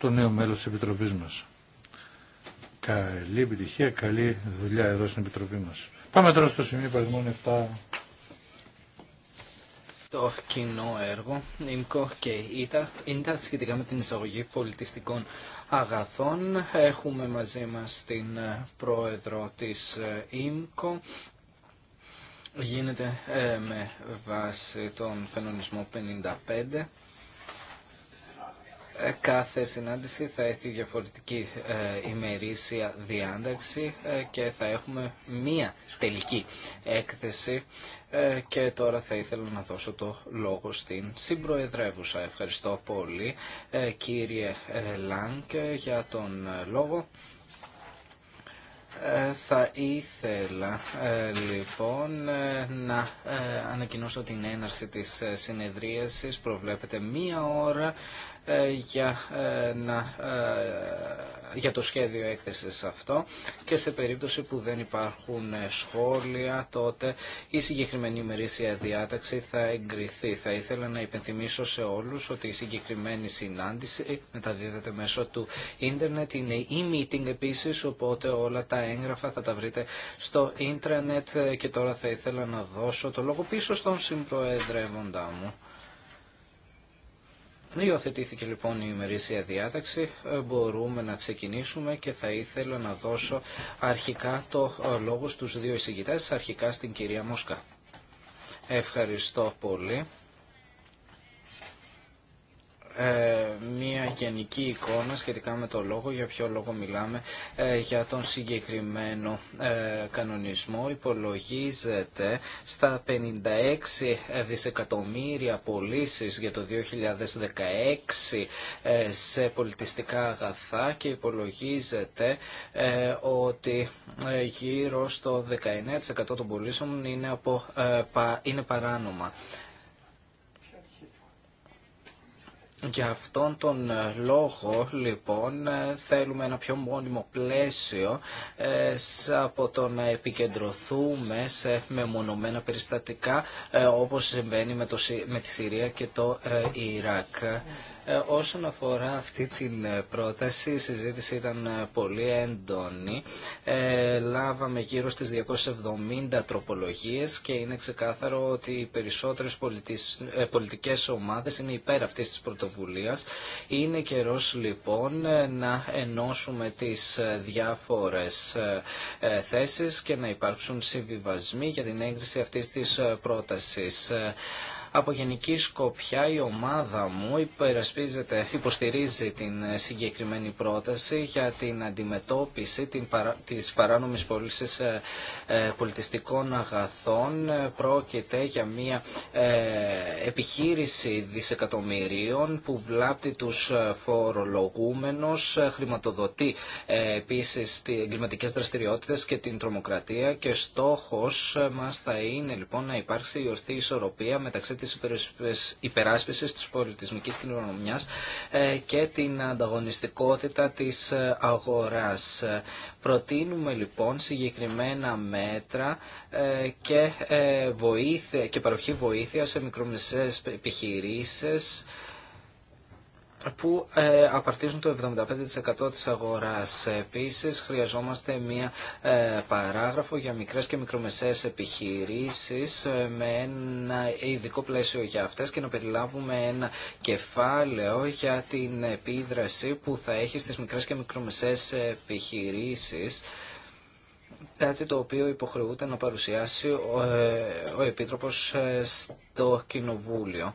το νέο μέλος της Επιτροπής μας. Καλή επιτυχία, καλή δουλειά εδώ στην Επιτροπή μας. Πάμε τώρα στο σημείο παραδείγμα 7. Το κοινό έργο, ΙΜΚΟ και ΙΤΑ, σχετικά με την εισαγωγή πολιτιστικών αγαθών. Έχουμε μαζί μας την ε, πρόεδρο της ε, ΙΜΚΟ, γίνεται ε, με βάση τον φαινονισμό 55 Κάθε συνάντηση θα έχει διαφορετική ε, ημερήσια διάνταξη ε, και θα έχουμε μία τελική έκθεση ε, και τώρα θα ήθελα να δώσω το λόγο στην συμπροεδρεύουσα. Ευχαριστώ πολύ κύριε Λάνκ για τον λόγο. Θα ήθελα λοιπόν να ανακοινώσω την έναρξη της συνεδρίασης. προβλέπεται μία ώρα ε, για, ε, να, ε, για το σχέδιο έκθεσης αυτό και σε περίπτωση που δεν υπάρχουν σχόλια τότε η συγκεκριμένη ημερήσια διάταξη θα εγκριθεί. Θα ήθελα να υπενθυμίσω σε όλους ότι η συγκεκριμένη συνάντηση μεταδίδεται μέσω του ίντερνετ, είναι e-meeting επίσης οπότε όλα τα έγγραφα θα τα βρείτε στο ίντερνετ και τώρα θα ήθελα να δώσω το λόγο πίσω στον συμπροεδρεύοντά μου. Υιοθετήθηκε λοιπόν η ημερήσια διάταξη, ε, μπορούμε να ξεκινήσουμε και θα ήθελα να δώσω αρχικά το ε, λόγο στους δύο εισηγητές, αρχικά στην κυρία Μόσκα. Ευχαριστώ πολύ. Ε, μια γενική εικόνα σχετικά με το λόγο, για ποιο λόγο μιλάμε ε, για τον συγκεκριμένο ε, κανονισμό. Υπολογίζεται στα 56 δισεκατομμύρια πωλήσει για το 2016 σε πολιτιστικά αγαθά και υπολογίζεται ότι γύρω στο 19% των πωλήσεων είναι, από, είναι παράνομα. Για αυτόν τον ε, λόγο, λοιπόν, ε, θέλουμε ένα πιο μόνιμο πλαίσιο ε, από το να επικεντρωθούμε σε μεμονωμένα περιστατικά, όπως συμβαίνει με τη Συρία και το Ιράκ. Ε, όσον αφορά αυτή την ε, πρόταση, η συζήτηση ήταν ε, πολύ έντονη. Λάβαμε γύρω στις 270 τροπολογίες και είναι ξεκάθαρο ότι οι περισσότερες πολιτικές ομάδες είναι υπέρ αυτής της πρωτοβουλίας. Είναι καιρός λοιπόν να ενώσουμε τις διάφορες θέσεις και να υπάρξουν συμβιβασμοί για την έγκριση αυτής της πρότασης. Από γενική σκοπιά η ομάδα μου υπερασπίζεται, υποστηρίζει την ε, συγκεκριμένη πρόταση για την αντιμετώπιση την παρα, της παράνομης ε, ε, πολιτιστικών αγαθών. Πρόκειται για μια επιχείρηση δισεκατομμυρίων που βλάπτει τους φορολογούμενους, χρηματοδοτεί επίσης τις εγκληματικές δραστηριότητες και την τρομοκρατία και στόχος μας θα είναι λοιπόν να υπάρξει η ορθή ισορροπία μεταξύ της υπεράσπισης της πολιτισμικής κληρονομιάς ε, και την ανταγωνιστικότητα της ε, αγοράς. Προτείνουμε λοιπόν συγκεκριμένα μέτρα ε, και, και παροχή βοήθεια σε μικρομεσαίες επιχειρήσεις που ε, απαρτίζουν το 75% της αγοράς. Επίσης, χρειαζόμαστε μία ε, παράγραφο για μικρές και μικρομεσαίες επιχειρήσεις ε, με ένα ειδικό πλαίσιο για αυτές και να περιλάβουμε ένα κεφάλαιο για την επίδραση που θα έχει στις μικρές και μικρομεσαίες επιχειρήσεις κάτι το οποίο υποχρεούται να παρουσιάσει ο, ο Επίτροπος στο Κοινοβούλιο.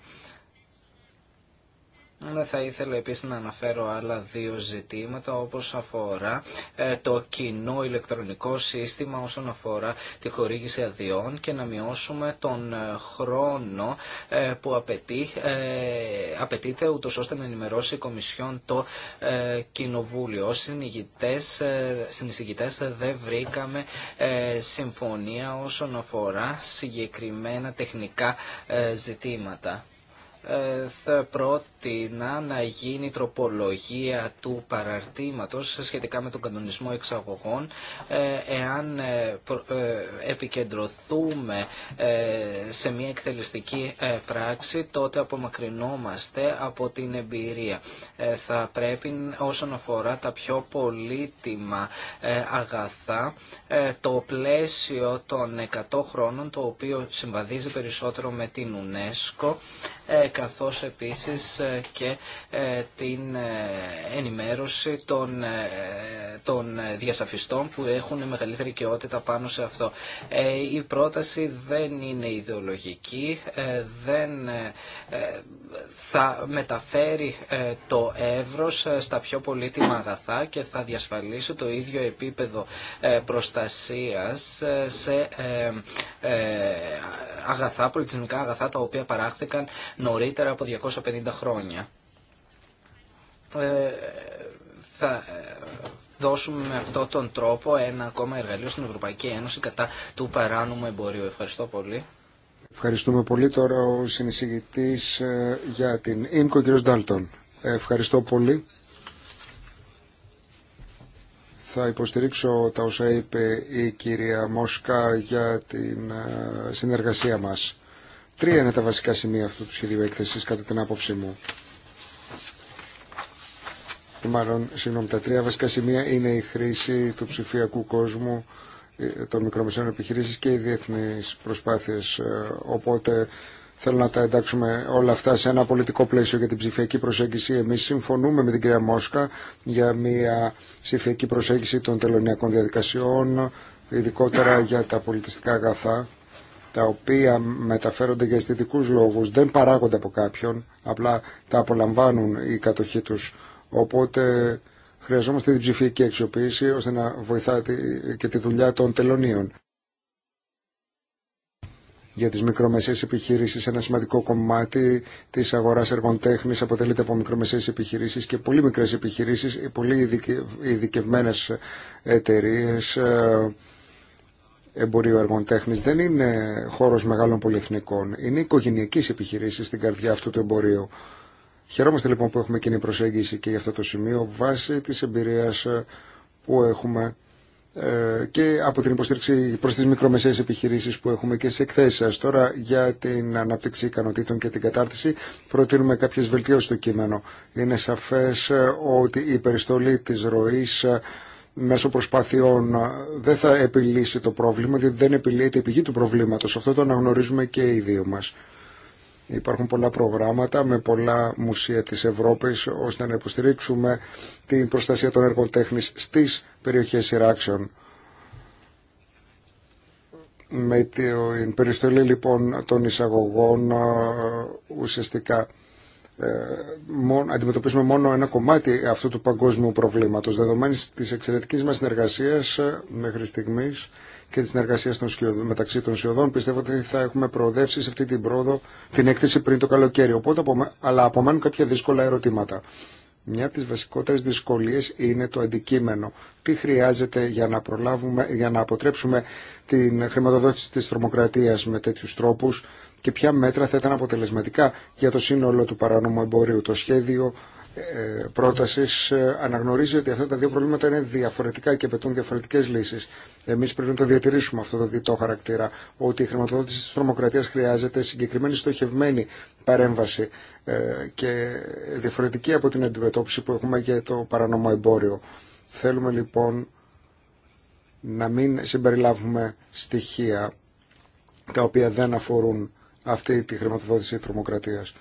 Ναι, θα ήθελα επίσης να αναφέρω άλλα δύο ζητήματα όπως αφορά ε, το κοινό ηλεκτρονικό σύστημα όσον αφορά τη χορήγηση αδειών και να μειώσουμε τον ε, χρόνο ε, που απαιτεί, απαιτείται ούτως ώστε να ενημερώσει η Κομισιόν το Κοινοβούλιο. Ως συνεισηγητές δεν βρήκαμε συμφωνία όσον αφορά συγκεκριμένα τεχνικά ζητήματα. Θα Αθήνα να γίνει τροπολογία του παραρτήματος σχετικά με τον κανονισμό εξαγωγών ε, εάν ε, ε, επικεντρωθούμε σε μια εκτελεστική πράξη τότε απομακρυνόμαστε από την εμπειρία. Θα πρέπει όσον αφορά τα πιο πολύτιμα αγαθά το πλαίσιο των 100 χρόνων το οποίο συμβαδίζει περισσότερο με την UNESCO καθώς επίσης και ε, την ε, ενημέρωση των ε, των ε, διασαφιστών που έχουν μεγαλύτερη κοιότητα πάνω σε αυτό. Ε, η πρόταση δεν είναι ιδεολογική, ε, δεν θα μεταφέρει το εύρος στα πιο πολύτιμα αγαθά και θα διασφαλίσει το ίδιο επίπεδο προστασίας σε αγαθά, πολιτισμικά αγαθά τα οποία παράχθηκαν νωρίτερα από 250 χρόνια. Θα δώσουμε με αυτόν τον τρόπο ένα ακόμα εργαλείο στην Ευρωπαϊκή Ένωση κατά του παράνομου εμπορίου. Ευχαριστώ πολύ. Ευχαριστούμε πολύ τώρα ο συνεισηγητής ε, για την Ίνκο, κ. Ντάλτον. Ευχαριστώ πολύ. Θα υποστηρίξω τα όσα είπε η κυρία Μόσκα για την ε, συνεργασία μας. Τρία είναι τα βασικά σημεία αυτού του σχεδίου έκθεσης κατά την άποψή μου μάλλον, συγγνώμη, τα τρία βασικά σημεία είναι η χρήση του ψηφιακού κόσμου, ε, των μικρομεσαίων επιχειρήσεων και οι διεθνεί προσπάθειε. Ε, οπότε θέλω να τα εντάξουμε όλα αυτά σε ένα πολιτικό πλαίσιο για την ψηφιακή προσέγγιση. Εμεί συμφωνούμε με την κυρία Μόσκα για μια ψηφιακή προσέγγιση των τελωνιακών διαδικασιών, ειδικότερα για τα πολιτιστικά αγαθά τα οποία μεταφέρονται για αισθητικούς λόγους, δεν παράγονται από κάποιον, απλά τα απολαμβάνουν οι κατοχοί τους. Οπότε χρειαζόμαστε την ψηφιακή αξιοποίηση ώστε να βοηθάει και τη δουλειά των τελωνίων. Για τις μικρομεσαίες επιχειρήσεις ένα σημαντικό κομμάτι της αγοράς εργών αποτελείται από μικρομεσαίες επιχειρήσεις και πολύ μικρές επιχειρήσεις, πολύ ειδικευμένες εταιρείε ε, εμπορίου εργών Δεν είναι χώρος μεγάλων πολυεθνικών, είναι οικογενειακής επιχειρήσεις στην καρδιά αυτού του εμπορίου. Χαιρόμαστε λοιπόν που έχουμε κοινή προσέγγιση και για αυτό το σημείο βάσει της εμπειρίας ε, που έχουμε ε, και από την υποστήριξη προς τις μικρομεσαίες επιχειρήσεις που έχουμε και σε εκθέσεις σας. Τώρα για την ανάπτυξη ικανοτήτων και την κατάρτιση προτείνουμε κάποιες βελτιώσεις στο κείμενο. Είναι σαφές ε, ότι η περιστολή της ροής μέσω προσπάθειών δεν θα επιλύσει το πρόβλημα, διότι δεν επιλύεται η πηγή του προβλήματος. Αυτό το αναγνωρίζουμε και οι δύο μας. Υπάρχουν πολλά προγράμματα με πολλά μουσεία της Ευρώπης ώστε να υποστηρίξουμε την προστασία των έργων τέχνης στις περιοχές σειράξεων. Με την περιστολή λοιπόν των εισαγωγών ε, ουσιαστικά ε, μόνο, αντιμετωπίσουμε μόνο ένα κομμάτι αυτού του παγκόσμιου προβλήματος δεδομένης της εξαιρετικής μας συνεργασίας ε, μέχρι στιγμής και τη συνεργασία μεταξύ των σιωδών. Πιστεύω ότι θα έχουμε προοδεύσει σε αυτή την πρόοδο την έκθεση πριν το καλοκαίρι. Οπότε, αλλά απομένουν κάποια δύσκολα ερωτήματα. Μια από τις βασικότερες δυσκολίες είναι το αντικείμενο. Τι χρειάζεται για να, προλάβουμε, για να αποτρέψουμε την χρηματοδότηση της τρομοκρατίας με τέτοιου τρόπους και ποια μέτρα θα ήταν αποτελεσματικά για το σύνολο του παράνομου εμπορίου. Το σχέδιο ε, πρόταση ε, αναγνωρίζει ότι αυτά τα δύο προβλήματα είναι διαφορετικά και απαιτούν διαφορετικέ λύσει. Εμεί πρέπει να το διατηρήσουμε αυτό το διτό χαρακτήρα, ότι η χρηματοδότηση τη τρομοκρατία χρειάζεται συγκεκριμένη στοχευμένη παρέμβαση ε, και διαφορετική από την αντιμετώπιση που έχουμε για το παρανομό εμπόριο. Θέλουμε λοιπόν να μην συμπεριλάβουμε στοιχεία τα οποία δεν αφορούν αυτή τη χρηματοδότηση τρομοκρατίας.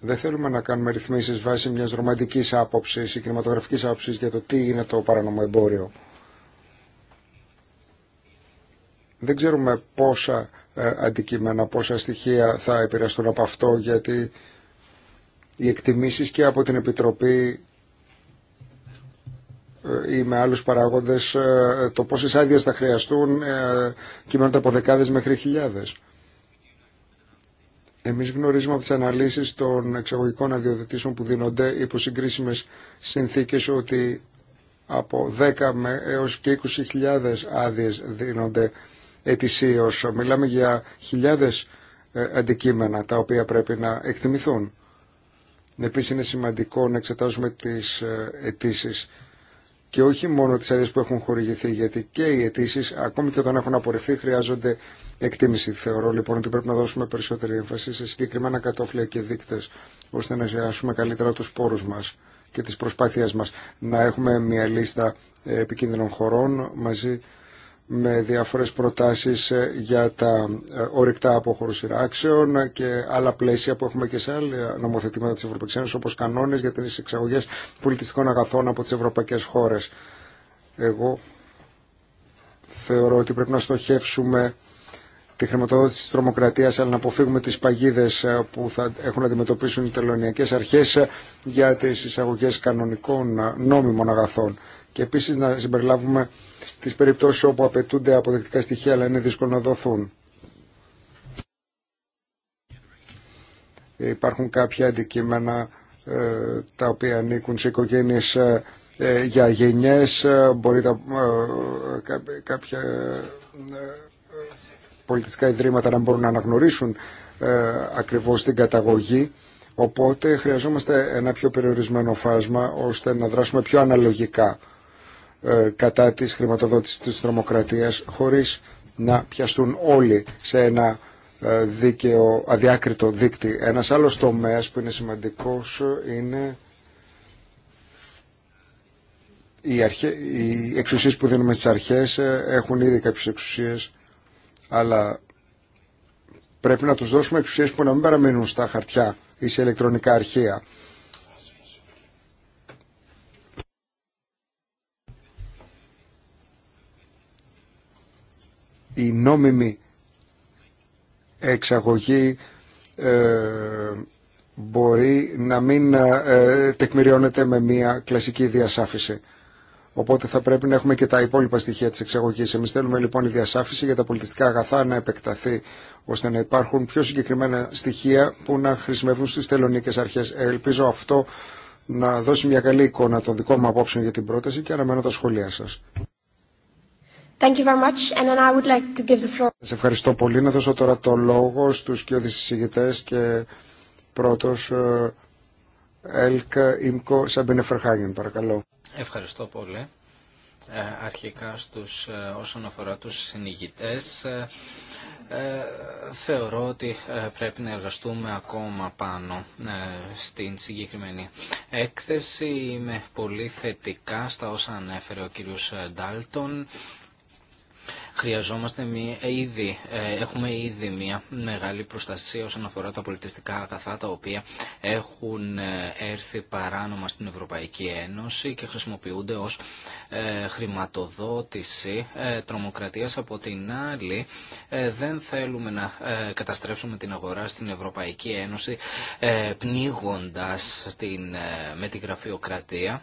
Δεν θέλουμε να κάνουμε ρυθμίσεις βάσει μιας ρομαντικής άποψης ή κινηματογραφικής άποψης για το τι είναι το παράνομο εμπόριο. Δεν ξέρουμε πόσα ε, αντικείμενα, πόσα στοιχεία θα επηρεαστούν από αυτό γιατί οι εκτιμήσεις και από την Επιτροπή ή με άλλους παράγοντες ε, το πόσες άδειε θα χρειαστούν ε, κυμαίνονται από δεκάδες μέχρι χιλιάδες. Εμείς γνωρίζουμε από τις αναλύσεις των εξαγωγικών αδειοδοτήσεων που δίνονται υπό συγκρίσιμες συνθήκες ότι από 10 έως και 20.000 άδειε δίνονται ετησίως. Μιλάμε για χιλιάδες ε, αντικείμενα τα οποία πρέπει να εκτιμηθούν. Επίσης είναι σημαντικό να εξετάζουμε τις αιτήσει και όχι μόνο τις άδειες που έχουν χορηγηθεί, γιατί και οι αιτήσει, ακόμη και όταν έχουν απορριφθεί, χρειάζονται εκτίμηση. Θεωρώ λοιπόν ότι πρέπει να δώσουμε περισσότερη έμφαση σε συγκεκριμένα κατόφλια και δείκτες, ώστε να ζητάσουμε καλύτερα τους πόρους μας και τις προσπάθειές μας. Να έχουμε μια λίστα επικίνδυνων χωρών μαζί με διάφορες προτάσεις ε, για τα ε, ορυκτά από σειράξεων και άλλα πλαίσια που έχουμε και σε άλλα νομοθετήματα της Ευρωπαϊκής Ένωσης όπως κανόνες για τις εξαγωγές πολιτιστικών αγαθών από τις ευρωπαϊκές χώρες. Εγώ θεωρώ ότι πρέπει να στοχεύσουμε τη χρηματοδότηση της τρομοκρατίας αλλά να αποφύγουμε τις παγίδες ε, που θα έχουν να αντιμετωπίσουν οι τελωνιακές αρχές για τις εισαγωγές κανονικών νόμιμων αγαθών και επίσης να συμπεριλάβουμε τις περιπτώσεις όπου απαιτούνται αποδεκτικά στοιχεία αλλά είναι δύσκολο να δοθούν. Ε, υπάρχουν κάποια αντικείμενα ε, τα οποία ανήκουν σε οικογένειες ε, για γενιές, μπορεί τα, κάποια πολιτιστικά ιδρύματα να μπορούν να αναγνωρίσουν ακριβώ την καταγωγή. Οπότε χρειαζόμαστε ένα πιο περιορισμένο φάσμα ώστε να δράσουμε πιο αναλογικά. Ε, κατά της χρηματοδότησης της τρομοκρατίας χωρίς να πιαστούν όλοι σε ένα ε, δίκαιο, αδιάκριτο δίκτυ. Ένας άλλος τομέας που είναι σημαντικός είναι οι, αρχε... οι εξουσίες που δίνουμε στις αρχές ε, έχουν ήδη κάποιες εξουσίες, αλλά πρέπει να τους δώσουμε εξουσίες που να μην παραμείνουν στα χαρτιά ή σε ηλεκτρονικά αρχεία. η νόμιμη εξαγωγή ε, μπορεί να μην ε, τεκμηριώνεται με μια κλασική διασάφηση. Οπότε θα πρέπει να έχουμε και τα υπόλοιπα στοιχεία της εξαγωγής. Εμείς θέλουμε λοιπόν η διασάφηση για τα πολιτιστικά αγαθά να επεκταθεί ώστε να υπάρχουν πιο συγκεκριμένα στοιχεία που να χρησιμεύουν στις τελωνίκες αρχές. Ε, ελπίζω αυτό να δώσει μια καλή εικόνα των δικών μου απόψεων για την πρόταση και αναμένω τα σχολεία σας. Thank you very much. And then I would like to give the floor. Σε ευχαριστώ πολύ. Να δώσω τώρα το λόγο στους και συζητητές και πρώτος ε, Ελκα Ιμκο Φερχάγιν Παρακαλώ. Ευχαριστώ πολύ. Ε, αρχικά στους, ε, όσον αφορά τους συνηγητές, θεωρώ ότι πρέπει να εργαστούμε ακόμα πάνω στην συγκεκριμένη έκθεση. Είμαι πολύ θετικά στα όσα ανέφερε ο κύριος Ντάλτον. Χρειαζόμαστε μία, ε, ήδη, ε, έχουμε ήδη μια μεγάλη προστασία όσον αφορά τα πολιτιστικά αγαθά τα οποία έχουν ε, έρθει παράνομα στην Ευρωπαϊκή Ένωση και χρησιμοποιούνται ως χρηματοδότηση τρομοκρατίας. Από την άλλη δεν θέλουμε να καταστρέψουμε την αγορά στην Ευρωπαϊκή Ένωση πνίγοντας την, με την γραφειοκρατία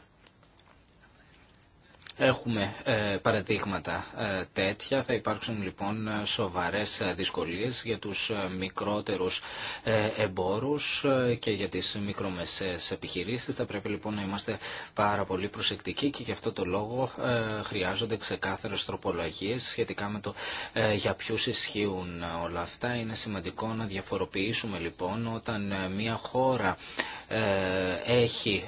Έχουμε ε, παραδείγματα ε, τέτοια. Θα υπάρξουν λοιπόν ε, σοβαρές δυσκολίες για τους μικρότερους εμπόρους και για τις μικρομεσαίες επιχειρήσεις. Θα πρέπει λοιπόν να είμαστε πάρα πολύ προσεκτικοί και γι' αυτό το λόγο χρειάζονται ξεκάθαρες τροπολογίες σχετικά με το για ποιους ισχύουν όλα αυτά. Είναι σημαντικό να διαφοροποιήσουμε λοιπόν όταν μια χώρα έχει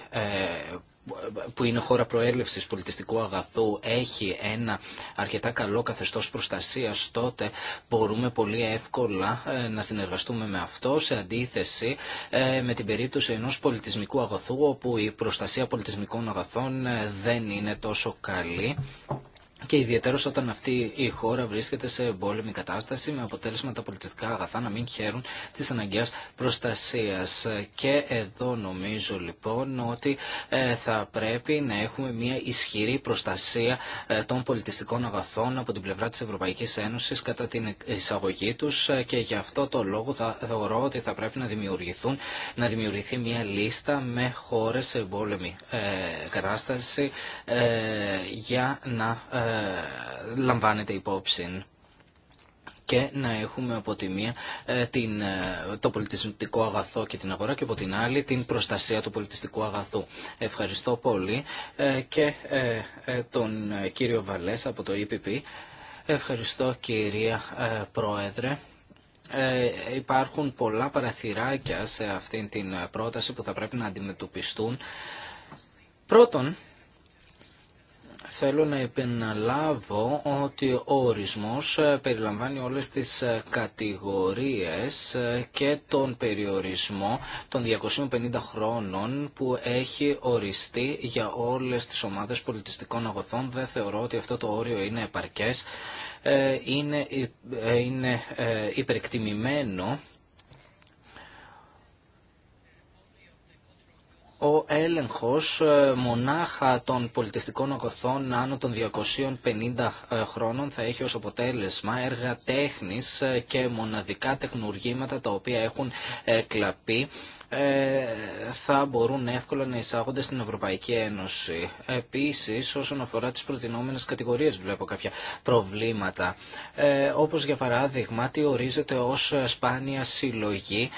που είναι χώρα προέλευσης πολιτιστικού αγαθού έχει ένα αρκετά καλό καθεστώς προστασίας τότε μπορούμε πολύ εύκολα ε, να συνεργαστούμε με αυτό σε αντίθεση ε, με την περίπτωση ενός πολιτισμικού αγαθού όπου η προστασία πολιτισμικών αγαθών ε, δεν είναι τόσο καλή και ιδιαίτερω όταν αυτή η χώρα βρίσκεται σε εμπόλεμη κατάσταση με αποτέλεσμα τα πολιτιστικά αγαθά να μην χαίρουν τη αναγκαία προστασία. Και εδώ νομίζω λοιπόν ότι ε, θα πρέπει να έχουμε μια ισχυρή προστασία ε, των πολιτιστικών αγαθών από την πλευρά της Ευρωπαϊκής Ένωσης κατά την εισαγωγή τους ε, και γι' αυτό το λόγο θα θεωρώ ότι θα πρέπει να δημιουργηθούν να δημιουργηθεί μια λίστα με χώρε σε εμπόλεμη κατάσταση για να λαμβάνεται υπόψη και να έχουμε από τη μία ε, την, ε, το πολιτιστικό αγαθό και την αγορά και από την άλλη την προστασία του πολιτιστικού αγαθού. Ευχαριστώ πολύ ε, και τον κύριο Βαλές από το EPP. Ευχαριστώ κυρία Πρόεδρε. υπάρχουν πολλά παραθυράκια σε αυτήν την πρόταση που θα πρέπει να αντιμετωπιστούν. Πρώτον, θέλω να επαναλάβω ότι ο ορισμός ε, περιλαμβάνει όλες τις ε, κατηγορίες ε, και τον περιορισμό των 250 χρόνων που έχει οριστεί για όλες τις ομάδες πολιτιστικών αγωθών. Δεν θεωρώ ότι αυτό το όριο είναι επαρκές. Είναι, είναι ο έλεγχος ε, μονάχα των πολιτιστικών αγωθών άνω των 250 ε, χρόνων θα έχει ως αποτέλεσμα έργα τέχνης ε, και μοναδικά τεχνουργήματα τα οποία έχουν κλαπεί θα μπορούν εύκολα να εισάγονται στην Ευρωπαϊκή Ένωση. Επίσης, όσον αφορά τις προτινόμενες κατηγορίες βλέπω κάποια προβλήματα. Ε, όπως για παράδειγμα, τι ορίζεται ως σπάνια συλλογή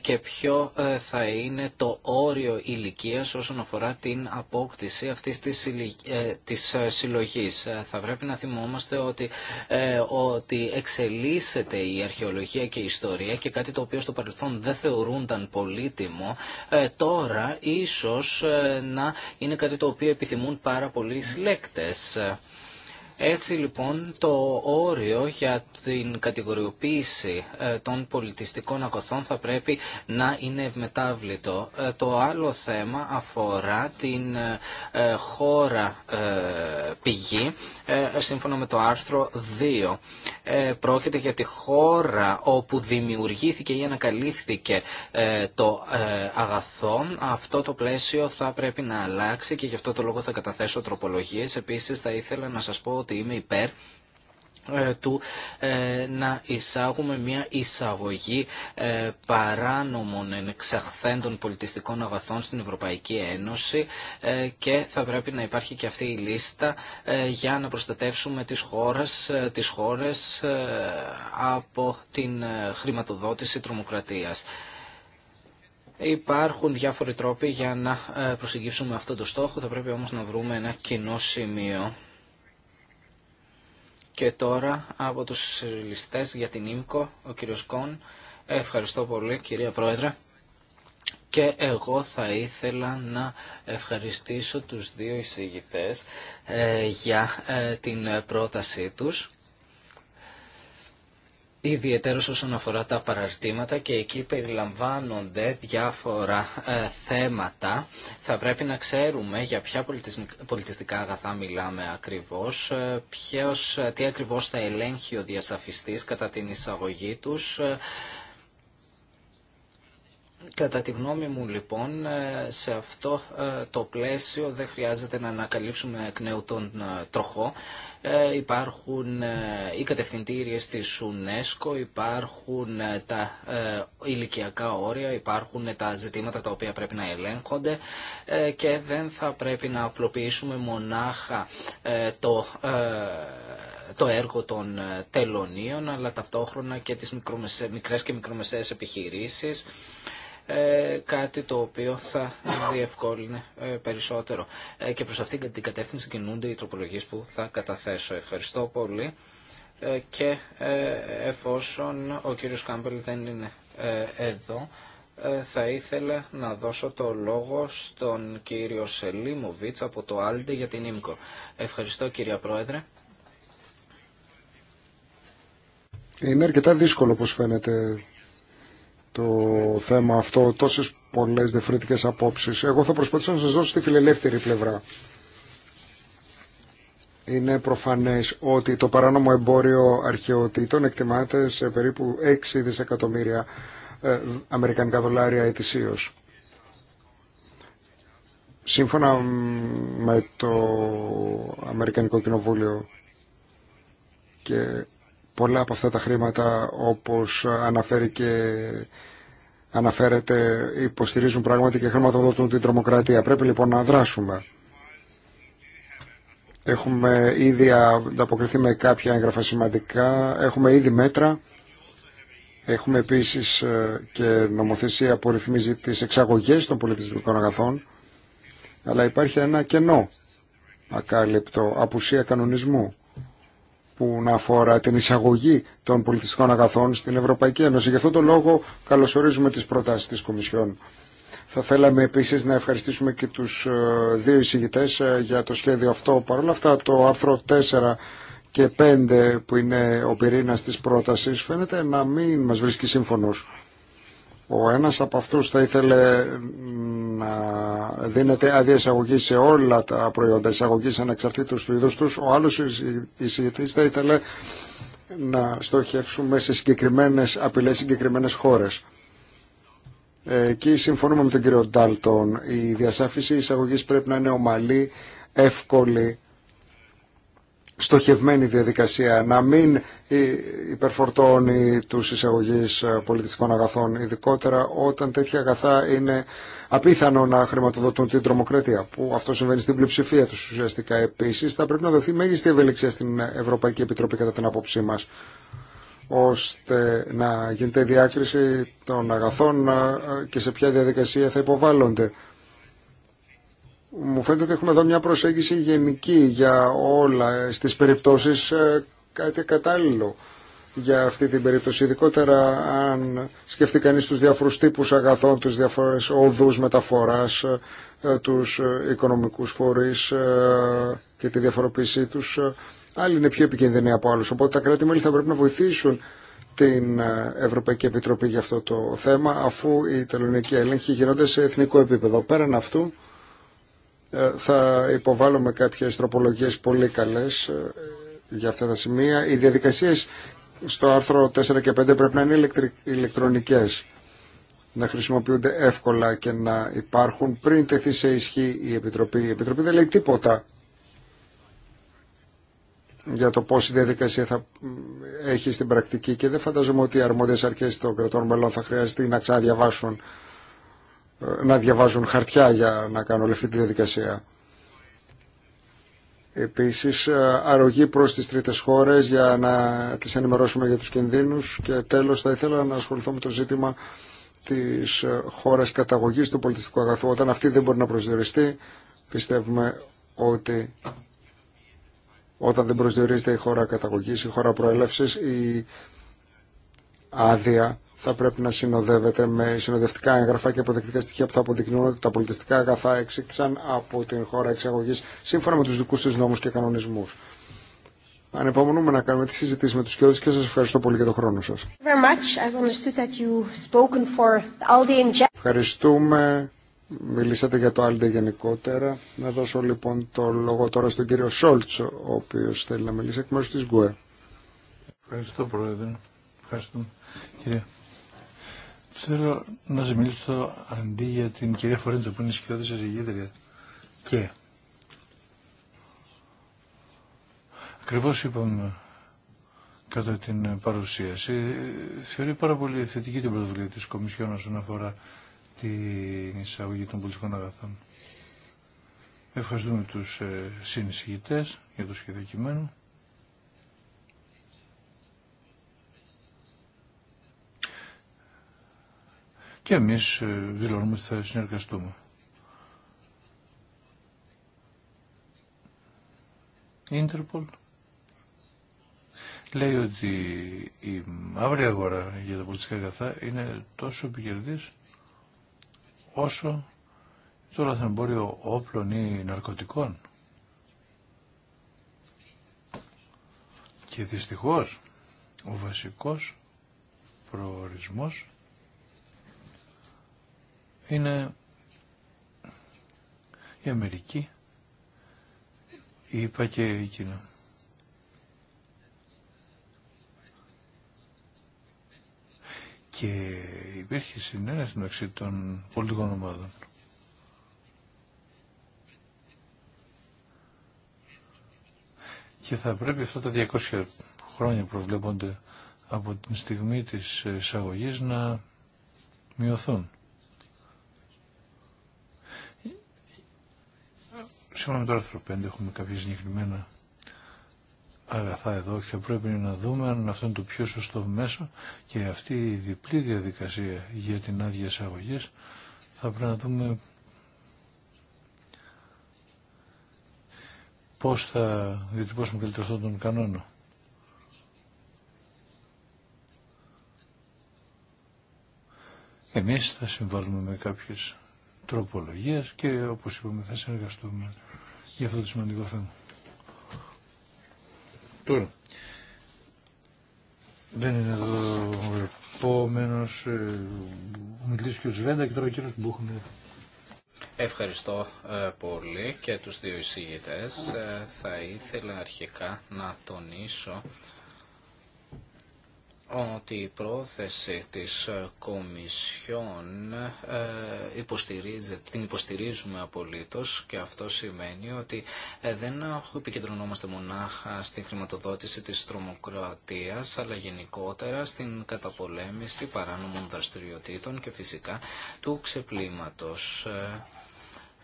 και ποιο θα είναι το όριο υλικό ηλικία όσον αφορά την απόκτηση αυτής της ε, ε, συλλογής. Ε, θα πρέπει να θυμόμαστε ότι, ότι εξελίσσεται η αρχαιολογία και η ιστορία και κάτι το οποίο στο παρελθόν δεν θεωρούνταν πολύτιμο, τώρα ίσως να είναι κάτι το οποίο επιθυμούν πάρα πολλοί συλλέκτες. Έτσι λοιπόν το όριο για την κατηγοριοποίηση ε, των πολιτιστικών αγωθών θα πρέπει να είναι ευμετάβλητο. Ε, το άλλο θέμα αφορά την ε, χώρα πηγή σύμφωνα με το άρθρο 2. Πρόκειται για τη χώρα όπου δημιουργήθηκε ή ανακαλύφθηκε το αγαθό. Αυτό το πλαίσιο θα πρέπει να αλλάξει και γι' αυτό το λόγο θα καταθέσω τροπολογίες. Επίσης θα ήθελα να σας πω ότι είμαι υπέρ ε, του ε, να εισάγουμε μια εισαγωγή ε, παράνομων εξαχθέντων πολιτιστικών αγαθών στην Ευρωπαϊκή Ένωση και θα πρέπει να υπάρχει και αυτή η λίστα για να προστατεύσουμε τις χώρες, τις χώρες από την χρηματοδότηση τρομοκρατίας. Υπάρχουν διάφοροι τρόποι για να προσεγγίσουμε αυτό το στόχο, θα πρέπει όμως να βρούμε ένα κοινό σημείο. Και τώρα από τους ληστές για την ΙΜΚΟ, ο κύριος Κον. Ευχαριστώ πολύ κυρία Πρόεδρε. Και εγώ θα ήθελα να ευχαριστήσω τους δύο εισηγητές ε, για ε, την πρότασή τους ιδιαίτερως όσον αφορά τα παραρτήματα και εκεί περιλαμβάνονται διάφορα ε, θέματα. Θα πρέπει να ξέρουμε για ποια πολιτιστικά αγαθά μιλάμε ακριβώς, ε, ποιος, ε, τι ακριβώς θα ελέγχει ο διασαφιστής κατά την εισαγωγή τους, Κατά τη γνώμη μου λοιπόν ε, σε αυτό ε, το πλαίσιο δεν χρειάζεται να ανακαλύψουμε εκ νέου τον ε, τροχό. Υπάρχουν οι κατευθυντήριες της UNESCO, υπάρχουν τα ηλικιακά όρια, υπάρχουν τα ζητήματα τα οποία πρέπει να ελέγχονται και δεν θα πρέπει να απλοποιήσουμε μονάχα το το έργο των τελωνίων αλλά ταυτόχρονα και τις μικρές και μικρομεσαίες επιχειρήσεις ε, κάτι το οποίο θα διευκόλυνε ε, περισσότερο. Ε, και προς αυτήν την κατεύθυνση κινούνται οι τροπολογίες που θα καταθέσω. Ευχαριστώ πολύ και εφόσον ο κύριος Κάμπελ δεν είναι εδώ, θα ήθελα να δώσω το λόγο στον κύριο Σελίμοβιτς από το Άλντε για την ΙΜΚΟ. Ευχαριστώ κύριε Πρόεδρε. Είναι αρκετά δύσκολο όπως φαίνεται το θέμα αυτό, τόσες πολλές διαφορετικές απόψεις. Εγώ θα προσπαθήσω να σας δώσω τη φιλελεύθερη πλευρά. Είναι προφανές ότι το παράνομο εμπόριο αρχαιοτήτων εκτιμάται σε περίπου 6 δισεκατομμύρια ε, αμερικανικά δολάρια ετησίως. Σύμφωνα με το Αμερικανικό Κοινοβούλιο και πολλά από αυτά τα χρήματα όπως αναφέρει και αναφέρεται υποστηρίζουν πράγματι και χρηματοδοτούν την τρομοκρατία. Πρέπει λοιπόν να δράσουμε. Έχουμε ήδη ανταποκριθεί με κάποια έγγραφα σημαντικά, έχουμε ήδη μέτρα. Έχουμε επίσης ε, και νομοθεσία που ρυθμίζει τις εξαγωγές των πολιτιστικών αγαθών, αλλά υπάρχει ένα κενό ακάλυπτο, απουσία κανονισμού που να αφορά την εισαγωγή των πολιτιστικών αγαθών στην Ευρωπαϊκή Ένωση. Γι' αυτό τον λόγο καλωσορίζουμε τις προτάσεις της Κομισιόν. Θα θέλαμε επίσης να ευχαριστήσουμε και τους ε, δύο εισηγητές ε, για το σχέδιο αυτό. Παρ' όλα αυτά το άρθρο 4 και 5 που είναι ο πυρήνας της πρότασης φαίνεται να μην μας βρίσκει σύμφωνος. Ο ένας από αυτούς θα ήθελε να δίνεται άδεια εισαγωγή σε όλα τα προϊόντα εισαγωγής ανεξαρτήτως του είδους τους. Ο άλλος εισηγητής θα ήθελε να στοχεύσουμε σε συγκεκριμένες απειλές, συγκεκριμένες χώρες. Εκεί συμφωνούμε με τον κύριο Ντάλτον. Η διασάφηση εισαγωγής πρέπει να είναι ομαλή, εύκολη στοχευμένη διαδικασία, να μην υπερφορτώνει τους εισαγωγείς ε, πολιτιστικών αγαθών, ειδικότερα όταν τέτοια αγαθά είναι απίθανο να χρηματοδοτούν την τρομοκρατία, που αυτό συμβαίνει στην πλειοψηφία του ουσιαστικά επίσης, θα πρέπει να δοθεί μέγιστη ευελιξία στην Ευρωπαϊκή Επιτροπή κατά την απόψή μας ώστε να γίνεται διάκριση των αγαθών ε, ε, και σε ποια διαδικασία θα υποβάλλονται. Μου φαίνεται ότι έχουμε εδώ μια προσέγγιση γενική για όλα στις περιπτώσεις ε, κάτι κατάλληλο για αυτή την περίπτωση, ειδικότερα αν σκεφτεί κανείς τους διάφορους τύπους αγαθών, τους διάφορες οδούς μεταφοράς, ε, ε, τους οικονομικούς φορείς και τη διαφοροποίησή τους. Άλλοι είναι πιο επικίνδυνοι από άλλους, οπότε τα κράτη-μέλη θα πρέπει να βοηθήσουν την Ευρωπαϊκή Επιτροπή για αυτό το θέμα, αφού η τελωνικοί έλεγχοι γίνονται σε εθνικό επίπεδο. Πέραν αυτού, ε, θα υποβάλλουμε κάποιες τροπολογίες πολύ καλές ε, για αυτά τα σημεία. Οι διαδικασίες στο άρθρο 4 και 5 πρέπει να είναι ηλεκτρονικές, να χρησιμοποιούνται εύκολα και να υπάρχουν πριν τεθεί σε ισχύ η Επιτροπή. Η Επιτροπή δεν λέει τίποτα για το πώς η διαδικασία θα έχει στην πρακτική και δεν φανταζομαι ότι οι αρμόδιες αρχές των κρατών μελών θα χρειαστεί να ξαναδιαβάσουν να διαβάζουν χαρτιά για να κάνουν όλη αυτή τη διαδικασία. Επίσης, ε, αρρωγή προς τις τρίτες χώρες για να τις ενημερώσουμε για τους κινδύνους και τέλος θα ήθελα να ασχοληθώ με το ζήτημα της ε, χώρας καταγωγής του πολιτιστικού αγαθού. Όταν αυτή δεν μπορεί να προσδιοριστεί, πιστεύουμε ότι όταν δεν προσδιορίζεται η χώρα καταγωγής, η χώρα προέλευσης, η άδεια θα πρέπει να συνοδεύεται με συνοδευτικά έγγραφα και αποδεκτικά στοιχεία που θα αποδεικνύουν ότι τα πολιτιστικά αγαθά εξήκτησαν από την χώρα εξαγωγή σύμφωνα με του δικού τη νόμου και κανονισμού. Ανεπομονούμε να κάνουμε τη συζήτηση με τους κοιόδους και σα ευχαριστώ πολύ για τον χρόνο σα. Ευχαριστούμε. Μιλήσατε για το Άλντε γενικότερα. Να δώσω λοιπόν το λόγο τώρα στον κύριο Σόλτσο, ο οποίο θέλει να μιλήσει εκ μέρου τη ΓΚΟΕ. Ευχαριστώ Πρόεδρε. Ευχαριστώ κύριε Θέλω να σε μιλήσω αντί για την κυρία Φορέντζα που είναι σκιώδη συζητήτρια. Και. Ακριβώς είπαμε κατά την παρουσίαση. Θεωρεί πάρα πολύ θετική την πρωτοβουλία της Κομισιόν όσον αφορά την εισαγωγή των πολιτικών αγαθών. Ευχαριστούμε τους ε, συνεισηγητές για το σχέδιο κειμένου. και εμείς ε, δηλώνουμε ότι θα συνεργαστούμε. Ίντερπολ λέει ότι η μαύρη αγορά για τα πολιτικά αγαθά είναι τόσο επικερδής όσο το λαθρεμπόριο όπλων ή ναρκωτικών. Και δυστυχώς ο βασικός προορισμός είναι η Αμερική, η ΙΠΑ και η Κίνα. Και υπήρχε συνένεση μεταξύ των πολιτικών ομάδων. Και θα πρέπει αυτά τα 200 χρόνια προβλέπονται από την στιγμή της εισαγωγής να μειωθούν. Σύμφωνα με το άρθρο 5 έχουμε κάποια συγκεκριμένα αγαθά εδώ και θα πρέπει να δούμε αν αυτό είναι το πιο σωστό μέσο και αυτή η διπλή διαδικασία για την άδεια εισαγωγή θα πρέπει να δούμε πώς θα διατυπώσουμε καλύτερα αυτόν τον κανόνα. Εμείς θα συμβάλλουμε με κάποιες τροπολογίες και όπως είπαμε θα συνεργαστούμε για αυτό το σημαντικό θέμα. Τώρα, δεν είναι εδώ ο επόμενο ε, ομιλητή και ο Σβέντα και τώρα ο κύριο Μπούχνερ. Ευχαριστώ ε, πολύ και τους δύο εισηγητές. Ε, θα ήθελα αρχικά να τονίσω ότι η πρόθεση της ε, Κομισιόν ε, υποστηρίζεται, την υποστηρίζουμε απολύτως και αυτό σημαίνει ότι ε, δεν επικεντρωνόμαστε μονάχα στην χρηματοδότηση της τρομοκρατίας αλλά γενικότερα στην καταπολέμηση παράνομων δραστηριοτήτων και φυσικά του ξεπλήματος.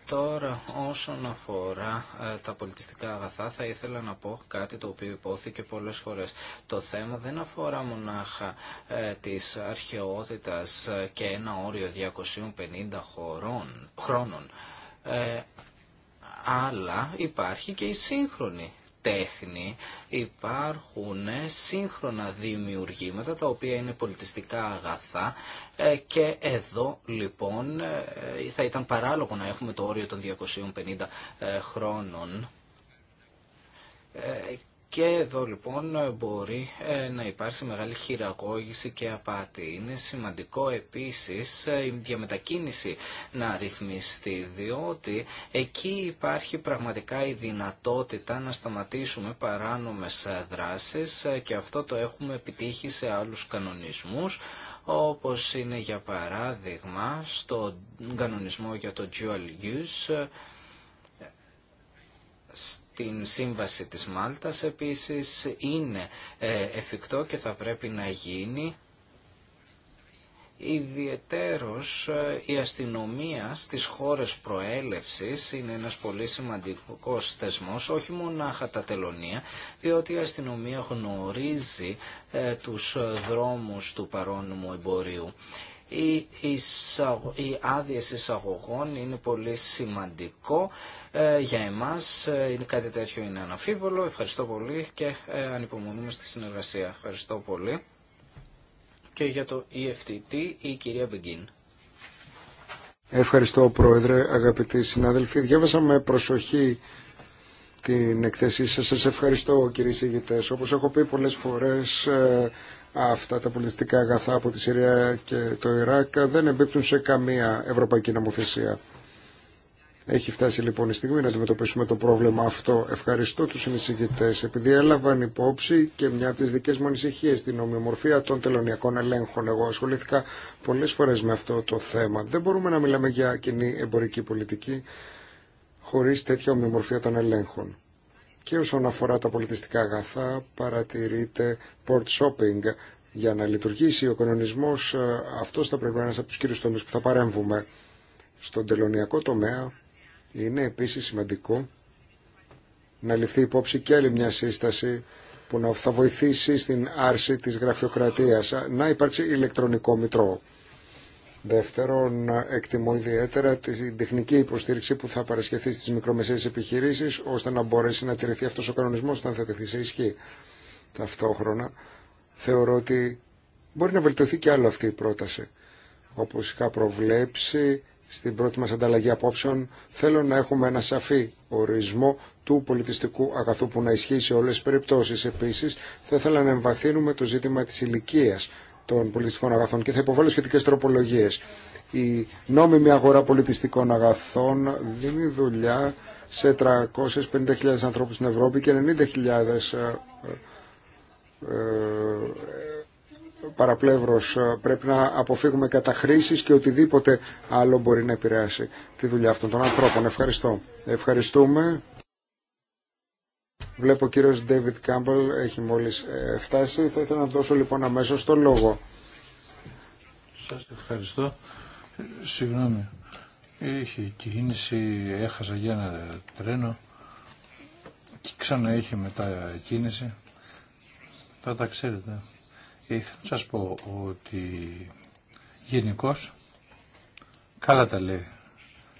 Τώρα όσον αφορά ε, τα πολιτιστικά αγαθά θα ήθελα να πω κάτι το οποίο υπόθηκε πολλές φορές. Το θέμα δεν αφορά μονάχα ε, της αρχαιότητας ε, και ένα όριο 250 χωρών, χρόνων αλλά υπάρχει και η σύγχρονη τέχνη υπάρχουν σύγχρονα δημιουργήματα τα οποία είναι πολιτιστικά αγαθά ε, και εδώ λοιπόν ε, θα ήταν παράλογο να έχουμε το όριο των 250 ε, χρόνων και εδώ λοιπόν μπορεί ε, να υπάρξει μεγάλη χειραγώγηση και απάτη. Είναι σημαντικό επίσης ε, η διαμετακίνηση να ρυθμιστεί, διότι εκεί υπάρχει πραγματικά η δυνατότητα να σταματήσουμε παράνομες ε, δράσεις και αυτό το έχουμε επιτύχει σε άλλους κανονισμούς όπως είναι για παράδειγμα στο κανονισμό για το dual use την σύμβαση της Μάλτας επίσης είναι ε, εφικτό και θα πρέπει να γίνει Ιδιαιτέρως ε, η αστυνομία στις χώρες προέλευσης είναι ένας πολύ σημαντικός θεσμός, όχι μονάχα τα τελωνία, διότι η αστυνομία γνωρίζει ε, τους δρόμους του παρόνιμου εμπορίου οι, άδειε εισαγωγών είναι πολύ σημαντικό ε, για εμάς. Ε, είναι κάτι τέτοιο είναι αναφίβολο. Ευχαριστώ πολύ και ε, ανυπομονούμε στη συνεργασία. Ευχαριστώ πολύ. Και για το EFTT η κυρία Μπεγκίν. Ευχαριστώ Πρόεδρε, αγαπητοί συνάδελφοι. Διάβασα με προσοχή την εκθέσή σας. Σας ευχαριστώ κύριε Σύγητες. Όπως έχω πει πολλές φορές αυτά τα πολιτιστικά αγαθά από τη Συρία και το Ιράκ δεν εμπίπτουν σε καμία ευρωπαϊκή νομοθεσία. Έχει φτάσει λοιπόν η στιγμή να αντιμετωπίσουμε το πρόβλημα αυτό. Ευχαριστώ τους συνεισηγητές επειδή έλαβαν υπόψη και μια από τις δικές μου ανησυχίε την ομοιομορφία των τελωνιακών ελέγχων. Εγώ ασχολήθηκα πολλές φορές με αυτό το θέμα. Δεν μπορούμε να μιλάμε για κοινή εμπορική πολιτική χωρίς τέτοια ομοιομορφία των ελέγχων και όσον αφορά τα πολιτιστικά αγαθά παρατηρείται port shopping. Για να λειτουργήσει ο κανονισμός ε, αυτός θα πρέπει να είναι ένας από τους κύριους τομείς που θα παρέμβουμε. Στον τελωνιακό τομέα είναι επίσης σημαντικό να ληφθεί υπόψη και άλλη μια σύσταση που θα βοηθήσει στην άρση της γραφειοκρατίας να υπάρξει ηλεκτρονικό μητρό. Δεύτερον, εκτιμώ ιδιαίτερα την τεχνική υποστήριξη που θα παρασχεθεί στις μικρομεσαίες επιχειρήσεις ώστε να μπορέσει να τηρηθεί αυτός ο κανονισμός όταν θα τεθεί σε ισχύ. Ταυτόχρονα, θεωρώ ότι μπορεί να βελτιωθεί και άλλο αυτή η πρόταση. Όπως είχα προβλέψει στην πρώτη μας ανταλλαγή απόψεων, θέλω να έχουμε ένα σαφή ορισμό του πολιτιστικού αγαθού που να ισχύει σε όλες τις περιπτώσεις. Επίσης, θα ήθελα να εμβαθύνουμε το ζήτημα της ηλικία των πολιτιστικών αγαθών και θα υποβάλω σχετικέ τροπολογίε. Η νόμιμη αγορά πολιτιστικών αγαθών δίνει δουλειά σε 350.000 ανθρώπους στην Ευρώπη και 90.000 ε, ε, παραπλεύρος ε, πρέπει να αποφύγουμε καταχρήσεις και οτιδήποτε άλλο μπορεί να επηρεάσει τη δουλειά αυτών των ανθρώπων. Ευχαριστώ. Ευχαριστούμε. Βλέπω ο κύριος David Campbell έχει μόλις ε, φτάσει. Θα ήθελα να δώσω λοιπόν αμέσως το λόγο. Σας ευχαριστώ. Συγγνώμη. Είχε κίνηση, έχασα για ένα τρένο και ξανά είχε μετά κίνηση. Θα τα ξέρετε. Ήθελα ε, να σας πω ότι γενικώ καλά τα λέει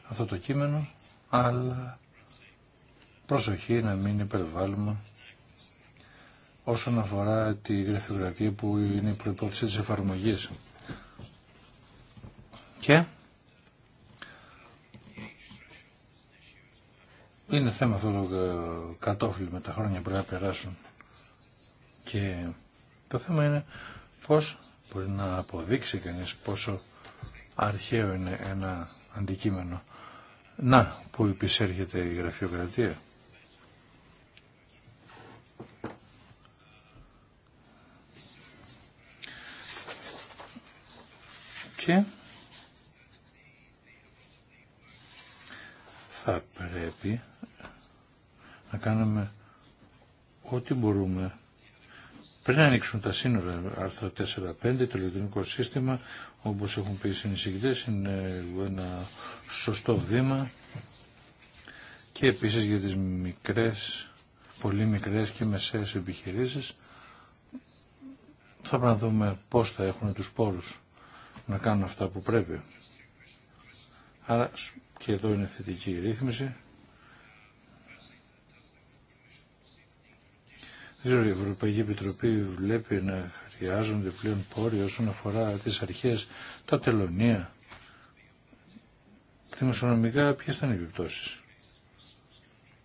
αυτό το κείμενο, αλλά προσοχή να μην υπερβάλλουμε όσον αφορά τη γραφειοκρατία που είναι η προϋπόθεση της εφαρμογής. Και είναι θέμα αυτό το κατόφλι με τα χρόνια που πρέπει να περάσουν. Και το θέμα είναι πώς μπορεί να αποδείξει κανείς πόσο αρχαίο είναι ένα αντικείμενο. Να, που επισέρχεται η γραφειοκρατία. ερώτηση. Θα πρέπει να κάνουμε ό,τι μπορούμε πριν ανοίξουν τα σύνορα άρθρα 4-5, το ηλεκτρονικό σύστημα, όπως έχουν πει οι συνεισηγητές, είναι ένα σωστό βήμα και επίσης για τις μικρές, πολύ μικρές και μεσαίες επιχειρήσεις θα πρέπει να δούμε πώς θα έχουν τους πόρους να κάνουν αυτά που πρέπει. Άρα και εδώ είναι θετική η ρύθμιση. Δεν ξέρω, η Ευρωπαϊκή Επιτροπή βλέπει να χρειάζονται πλέον πόροι όσον αφορά τις αρχές, τα τελωνία. Δημοσιονομικά ποιε θα οι επιπτώσει.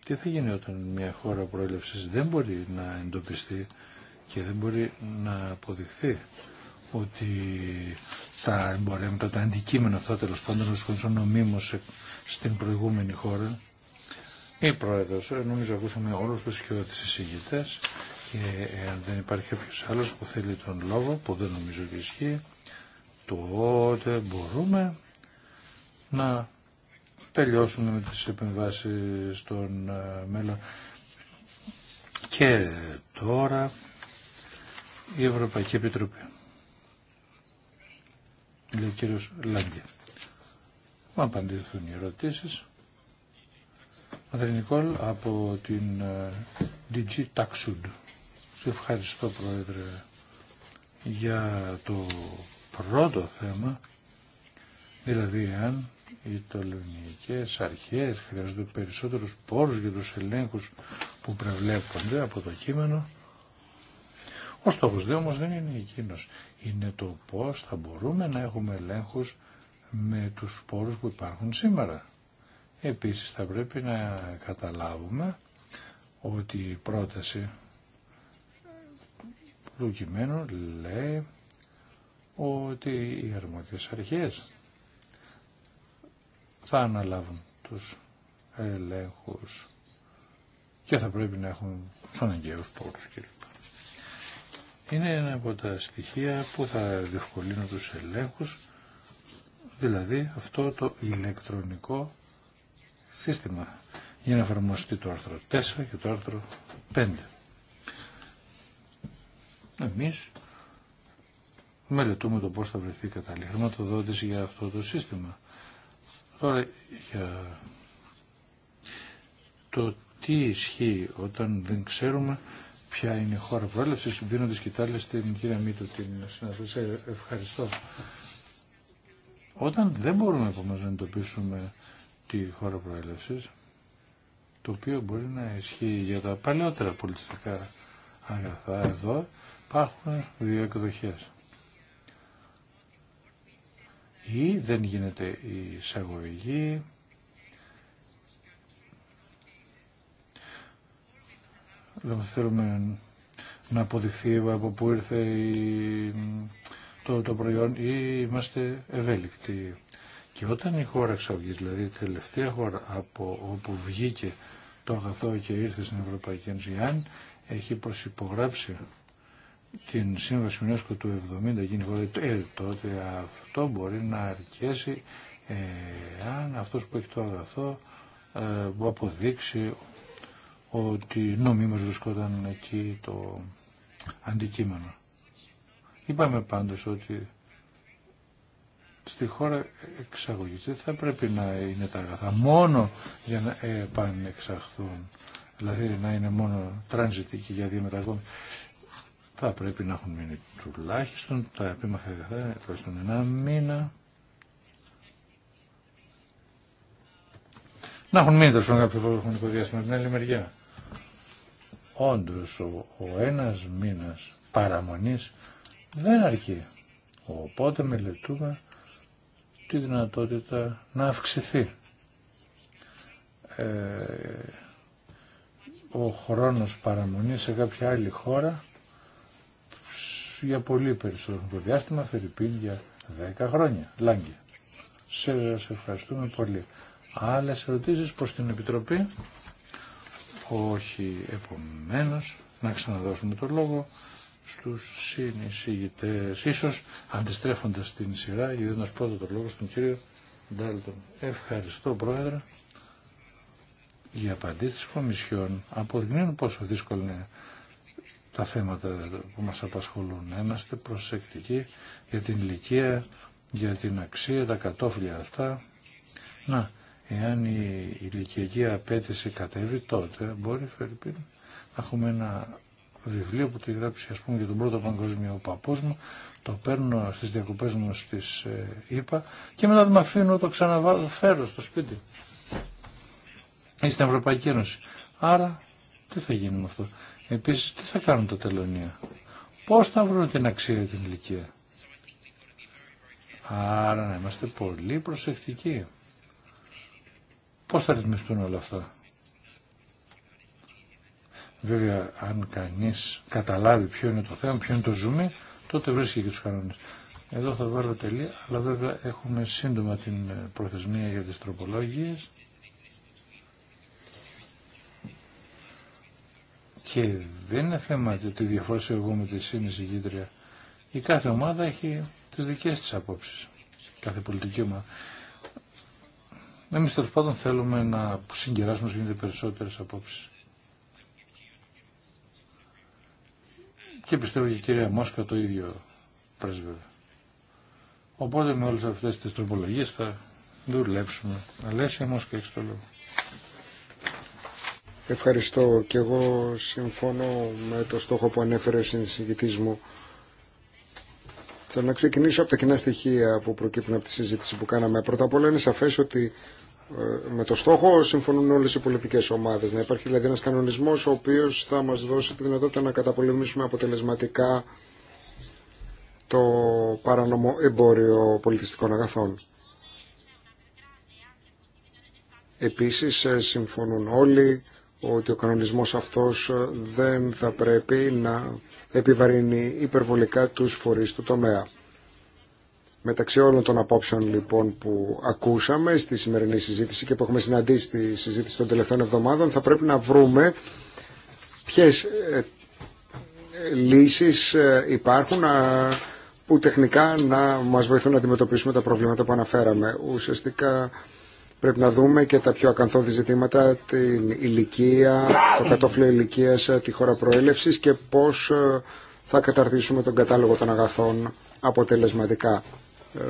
Τι θα γίνει όταν μια χώρα προέλευση δεν μπορεί να εντοπιστεί και δεν μπορεί να αποδειχθεί ότι τα εμπορεύματα, τα αντικείμενα αυτά τέλο πάντων να σχοληθούν νομίμω στην προηγούμενη χώρα. Η πρόεδρο, ε, νομίζω ακούσαμε όλου του χειρότερου συζητητέ. και ε, αν δεν υπάρχει κάποιο άλλο που θέλει τον λόγο, που δεν νομίζω ότι ισχύει, τότε μπορούμε να τελειώσουμε με τις επεμβάσεις των ε, μέλλον Και τώρα η Ευρωπαϊκή Επιτροπή λέει ο κύριος Λάγκια. Μου απαντήθουν οι ερωτήσεις. Νικόλ από την ε, DG Taxud. Σε ευχαριστώ Πρόεδρε για το πρώτο θέμα, δηλαδή αν οι τολωνικές αρχές χρειάζονται περισσότερους πόρους για τους ελέγχους που προβλέπονται από το κείμενο ο στόχο δε όμως δεν είναι εκείνο. Είναι το πώς θα μπορούμε να έχουμε ελέγχου με τους πόρους που υπάρχουν σήμερα. Επίσης θα πρέπει να καταλάβουμε ότι η πρόταση του κειμένου λέει ότι οι αρμόδιες αρχές θα αναλάβουν τους ελέγχους και θα πρέπει να έχουν τους αναγκαίου πόρους κλπ είναι ένα από τα στοιχεία που θα διευκολύνουν τους ελέγχους, δηλαδή αυτό το ηλεκτρονικό σύστημα για να εφαρμοστεί το άρθρο 4 και το άρθρο 5. Εμείς μελετούμε το πώς θα βρεθεί κατάλληλη χρηματοδότηση για αυτό το σύστημα. Τώρα για το τι ισχύει όταν δεν ξέρουμε ποια είναι η χώρα προέλευση, δίνοντα κοιτάλια στην κυρία Μήτου, την συναδελφή. Ευχαριστώ. Όταν δεν μπορούμε επομένω να εντοπίσουμε τη χώρα προέλευση, το οποίο μπορεί να ισχύει για τα παλαιότερα πολιτιστικά αγαθά εδώ, υπάρχουν δύο εκδοχέ. Ή δεν γίνεται η εισαγωγή, Δεν θέλουμε να αποδειχθεί από πού ήρθε το, το προϊόν ή είμαστε ευέλικτοι. Και όταν η χώρα εξαγωγής, δηλαδή η τελευταία χώρα από όπου βγήκε το αγαθό και ήρθε στην Ευρωπαϊκή Ένωση, αν έχει προσυπογράψει την σύμβαση UNESCO του 70 γίνει χώρα, ε, τότε αυτό μπορεί να αρκέσει αν αυτός που έχει το αγαθό που ε, αποδείξει ότι νομίμως βρισκόταν εκεί το αντικείμενο. Είπαμε πάντως ότι στη χώρα εξαγωγής δεν θα πρέπει να είναι τα αγαθά μόνο για να επανεξαχθούν, δηλαδή να είναι μόνο τρανζιτή για για διαμετακόμιση. Θα πρέπει να έχουν μείνει τουλάχιστον τα επίμαχα αγαθά, τουλάχιστον ένα μήνα, να έχουν μείνει τόσο κάποιο χρονικό διάστημα την άλλη μεριά. Όντως ο, ο ένας μήνας παραμονής δεν αρκεί. Οπότε μελετούμε τη δυνατότητα να αυξηθεί ε, ο χρόνος παραμονής σε κάποια άλλη χώρα για πολύ περισσότερο διάστημα, Φερρυπίν για 10 χρόνια, Λάγκη. Σε, σε ευχαριστούμε πολύ. Άλλες ερωτήσεις προς την Επιτροπή. Όχι, επομένως, να ξαναδώσουμε το λόγο στους συνεισηγητές, ίσως αντιστρέφοντας την σειρά γιατί δίνοντας πρώτο το λόγο στον κύριο Ντάλτον. Ευχαριστώ, Πρόεδρε, για απαντήσεις της Κομισιόν. Αποδεικνύουν πόσο δύσκολο είναι τα θέματα που μας απασχολούν. Να είμαστε προσεκτικοί για την ηλικία, για την αξία, τα κατόφλια αυτά. Να, Εάν η ηλικιακή απέτηση κατέβει τότε μπορεί να έχουμε ένα βιβλίο που το γράψει ας πούμε για τον πρώτο παγκόσμιο παππούς μου το παίρνω στις διακοπές μου στις ήπα ε, και μετά το αφήνω το ξαναφέρω στο σπίτι ή στην Ευρωπαϊκή Ένωση. Άρα τι θα γίνει με αυτό. Επίσης τι θα κάνουν τα τελωνία. Πώς θα βρουν την αξία την ηλικία. Άρα να είμαστε πολύ προσεκτικοί. Πώς θα ρυθμιστούν όλα αυτά. Βέβαια, αν κανείς καταλάβει ποιο είναι το θέμα, ποιο είναι το ζουμί, τότε βρίσκει και τους κανόνες. Εδώ θα βάλω τελεία, αλλά βέβαια έχουμε σύντομα την ε, προθεσμία για τις τροπολόγιες. Και δεν είναι θέμα ότι διαφόρησα εγώ με τη σύνηση γήτρια. Η κάθε ομάδα έχει τις δικές της απόψεις. Κάθε πολιτική ομάδα. Ναι, Εμεί τέλο πάντων θέλουμε να συγκεράσουμε όσο γίνεται περισσότερε απόψει. Και πιστεύω και η κυρία Μόσκα το ίδιο πρέσβευε. Οπότε με όλες αυτές τις τροπολογίες θα δουλέψουμε. Αλέσια Μόσκα έχεις το λόγο. Ευχαριστώ και εγώ συμφωνώ με το στόχο που ανέφερε ο συνεισηγητής μου. Θέλω να ξεκινήσω από τα κοινά στοιχεία που προκύπτουν από τη συζήτηση που κάναμε. Πρώτα απ' όλα είναι σαφές ότι ε, με το στόχο συμφωνούν όλες οι πολιτικές ομάδες. Να υπάρχει δηλαδή ένας κανονισμός ο οποίος θα μας δώσει τη δυνατότητα να καταπολεμήσουμε αποτελεσματικά το παράνομο εμπόριο πολιτιστικών αγαθών. Επίσης ε, συμφωνούν όλοι ότι ο κανονισμός αυτός ε, δεν θα πρέπει να επιβαρύνει υπερβολικά τους φορείς του τομέα. Μεταξύ όλων των απόψεων λοιπόν που ακούσαμε στη σημερινή συζήτηση και που έχουμε συναντήσει στη συζήτηση των τελευταίων εβδομάδων θα πρέπει να βρούμε ποιες ε, λύσεις ε, υπάρχουν που τεχνικά να μας βοηθούν να αντιμετωπίσουμε τα προβλήματα που αναφέραμε. Ουσιαστικά πρέπει να δούμε και τα πιο ακαθόδη ζητήματα, την ηλικία, το κατόφλιο ηλικίας, ε, τη χώρα προέλευσης και πώς θα καταρτήσουμε τον κατάλογο των αγαθών αποτελεσματικά. Ε,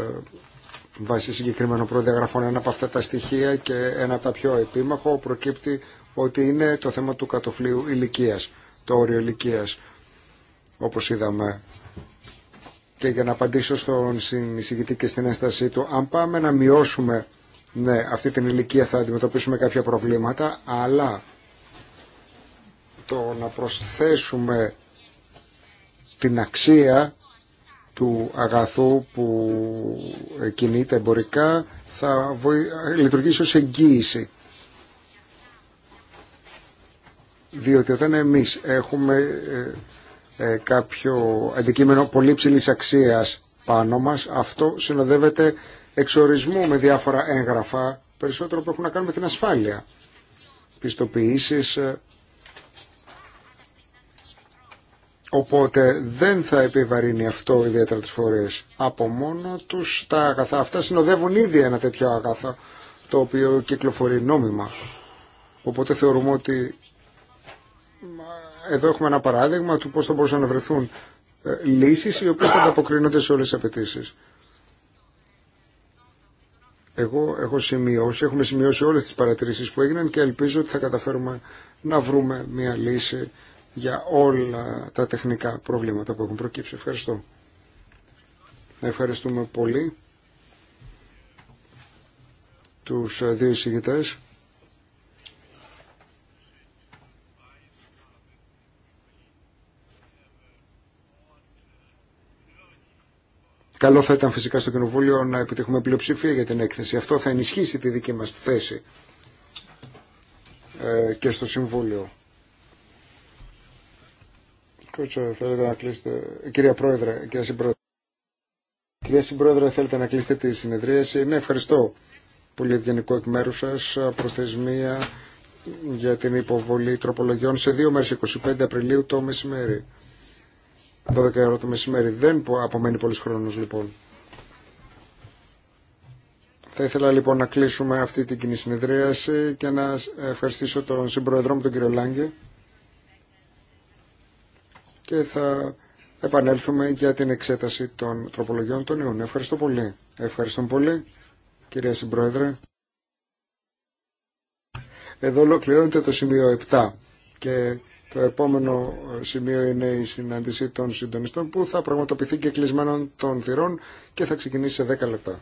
βάσει συγκεκριμένων προδιαγραφών. Ένα από αυτά τα στοιχεία και ένα από τα πιο επίμαχο προκύπτει ότι είναι το θέμα του κατοφλίου ηλικία, το όριο ηλικία, όπω είδαμε. Και για να απαντήσω στον συνεισηγητή και στην ένστασή του, αν πάμε να μειώσουμε ναι, αυτή την ηλικία θα αντιμετωπίσουμε κάποια προβλήματα, αλλά το να προσθέσουμε την αξία του αγαθού που κινείται εμπορικά θα βοη... λειτουργήσει ως εγγύηση. Διότι όταν εμείς έχουμε ε, ε κάποιο αντικείμενο πολύ ψηλή αξίας πάνω μας, αυτό συνοδεύεται εξορισμού με διάφορα έγγραφα, περισσότερο που έχουν να κάνουν με την ασφάλεια. Πιστοποιήσεις, ε, Οπότε δεν θα επιβαρύνει αυτό ιδιαίτερα τους φορείς. Από μόνο τους τα αγαθά αυτά συνοδεύουν ήδη ένα τέτοιο αγαθά το οποίο κυκλοφορεί νόμιμα. Οπότε θεωρούμε ότι εδώ έχουμε ένα παράδειγμα του πώς θα μπορούσαν να βρεθούν ε, λύσεις οι οποίες θα ανταποκρίνονται σε όλες τις απαιτήσει. Εγώ έχω σημειώσει, έχουμε σημειώσει όλες τις παρατηρήσεις που έγιναν και ελπίζω ότι θα καταφέρουμε να βρούμε μια λύση για όλα τα τεχνικά προβλήματα που έχουν προκύψει. Ευχαριστώ. Ευχαριστούμε πολύ τους ε, δύο εισηγητές. Καλό θα ήταν φυσικά στο Κοινοβούλιο να επιτύχουμε πλειοψηφία για την έκθεση. Αυτό θα ενισχύσει τη δική μας θέση ε, και στο Συμβούλιο. Κύριε θέλετε να κλείσετε. Κυρία Πρόεδρε, κυρία Συμπρόεδρε. θέλετε να κλείσετε τη συνεδρίαση. Ναι, ευχαριστώ. Πολύ ευγενικό εκ μέρου σα. Προθεσμία για την υποβολή τροπολογιών σε δύο μέρε 25 Απριλίου το μεσημέρι. 12 ώρα το μεσημέρι. Δεν απομένει πολύς χρόνος λοιπόν. Θα ήθελα λοιπόν να κλείσουμε αυτή την κοινή συνεδρίαση και να ευχαριστήσω τον συμπροεδρό μου τον κύριο Λάγκη, και θα επανέλθουμε για την εξέταση των τροπολογιών των Ιούνιων. Ευχαριστώ πολύ. Ευχαριστώ πολύ, κυρία Συμπρόεδρε. Εδώ ολοκληρώνεται το σημείο 7 και το επόμενο σημείο είναι η συνάντηση των συντονιστών που θα πραγματοποιηθεί και κλεισμένων των θυρών και θα ξεκινήσει σε 10 λεπτά.